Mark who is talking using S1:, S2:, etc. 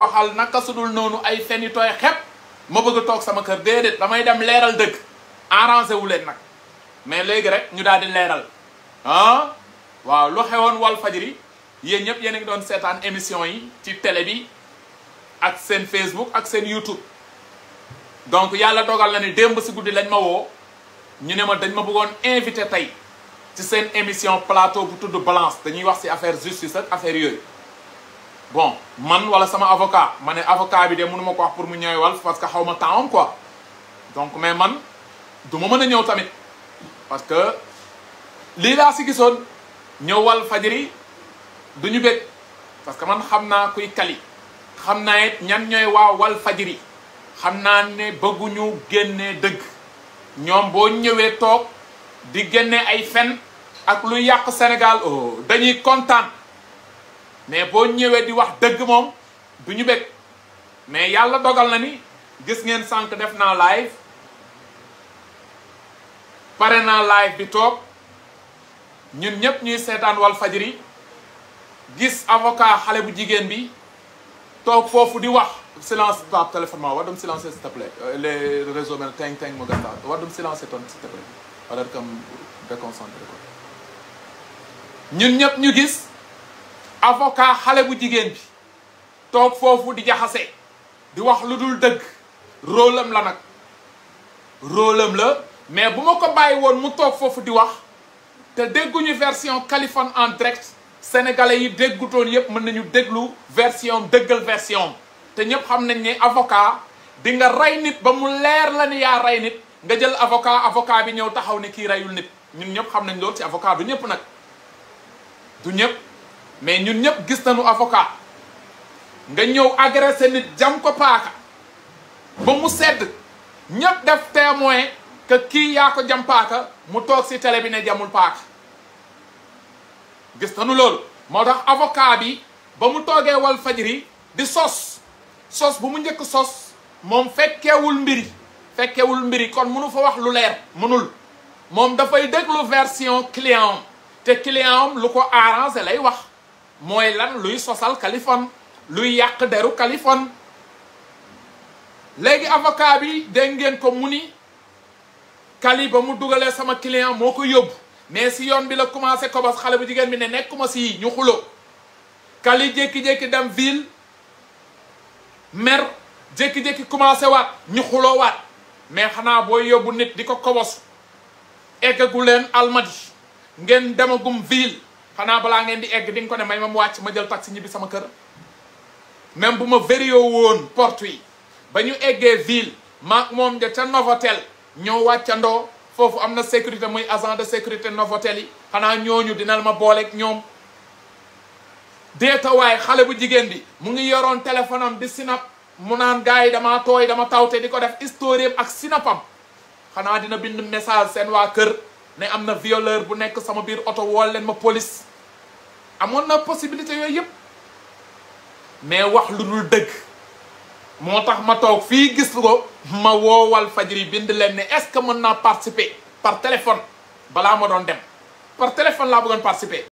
S1: waxal naka sudul noonu ay fenni tooy xepp ma bëgg a toog sama kër déedéet damay dem leeral dëkk arrangé wu leen nag mais léegi rek ñu daal di leeral ah waaw lu xewoon wal fajri yéen ñëpp yéen a ngi doon seetaan émission yi ci télé bi ak seen Facebook ak seen YouTube donc yàlla dogal na ni démb si guddi lañ ma woo ñu ne ma dañ ma bëggoon invité tey ci seen émission plateau bu tudd balance dañuy wax si affaire justice ak affaire yooyu bon man wala sama avocat ma ne avocat bi de mënu ma ko wax pour mu ñëwee Walf parce que xaw ma temps am quoi donc mais man du ma mën a ñëw tamit parce que lii laa si gisoon ñëw wal Fadjri du ñu bëgg parce que man xam naa kuy kali xam naa it ñan ñooy waa wal Fadjri xam naa ne bëgguñu génnee dëgg ñoom boo ñëwee toog di génne ay fen ak lu yàq Sénégal oh, dañuy kontaan mais boo ñëwee di wax dëgg moom du ñu bëgg mais yàlla dogal na ni gis ngeen sànq def naa live pare naa live bi toog ñun ñëpp ñuy seetaan wal fajiri gis avocat xale bu jigéen bi toog foofu di wax silence pap téléphone ma war dum silence s'il euh, le plaît les réseaux mel teng teng mo gasta war dum silence ton s'il te plaît alors comme déconcentré ko ñun ñëpp ñu gis avocat xale bu jigéen bi toog foofu di jaxase di wax lu dul dëgg rôlam la nag rôlam la mais bu ma ko bàyyi woon mu toog foofu di wax te dégguñu version Kaliphone en direct sénégalais yi déggutoon yépp mën nañu déglu version dëggal version te ñépp xam nañ ne avocat di nga rey nit ba mu leer lañu yaa rey nit nga jël avocat avocat bi ñëw taxaw ne kii reyul nit ñu ñëpp xam nañ loolu ci avocat du ñëpp nag du ñëpp mais ñun ñëpp gis nañu avocat nga ñëw agressé nit jam ko paaka ba mu sedd ñëpp def témoin que kii yaa ko jam paaka mu toog ci télé bi ne jamul paaka gis nañu loolu moo tax avocat bi ba mu toogee wal fajri di sos sos bu mu njëkk sos moom fekkeewul mbiri fekkeewul mbiri kon mënu fa wax lu leer mënul moom dafay déglu version client te client lu ko arrangé lay wax mooy lan luy sosal Kaliphone luy yàq deru Kaliphone léegi avocat bi dégg ngeen ko mu ni Kali ba mu dugalee sama client moo ko yóbbu mais si yoon bi la commencé ko bas xale bu jigéen bi ne nekkuma si ñu xulo Kali jékki-jékki dem ville mer jékki-jékki commencé waat ñu xuloo waat mais xanaa booy yóbbu nit di ko kobos eggagu leen almadi ngeen demagum ville xanaa balaa ngeen di egg di ko ne may ma mu wàcc ma jël taxi ñibbi sama kër même bu ma vériyo woon porte yi ba ñu eggee ville maag moom de ca Novotel ñoo wàccandoo foofu am na sécurité mooy agent de sécurité Novotel yi xanaa ñooñu dinal ma booleek ñoom deetawaay xale bu jigéen bi mu ngi yoroon téléphone am di sinap mu naan gars yi damaa tooy dama taw te di ko def historiam ak sinapam xanaa dina bind message seen waa kër ne am na violeur bu nekk sama biir oto wool leen ma police amoon na possibilité yooyu yëpp mais wax lu dul dëgg moo tax ma toog fii gis ko ma woowal fajiri bind leen ne est-ce que mën naa participer par téléphone balaa ma doon dem par téléphone laa bëggoon participer